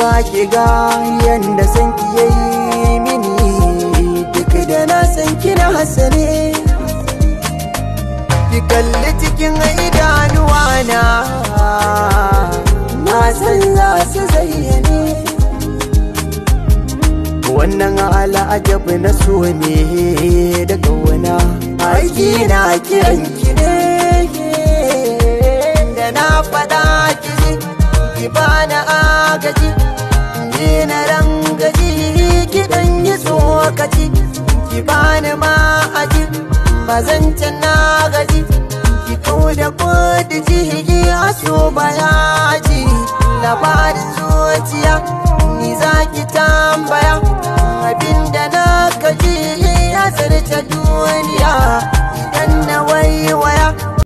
ba ki ga yanda san ki yi mini duk da na san kina hasane ki kalli cikin idanuwa na na san za su zayyane wannan al'ajab na so ne daga wana aiki na kiran ki ne da na faɗa ki ki bana ma aji bazancan na gaji ki ko da kudi jihigi a so bayaji labarin zuciya ni za ki tambaya abinda na gaji ya zarce duniya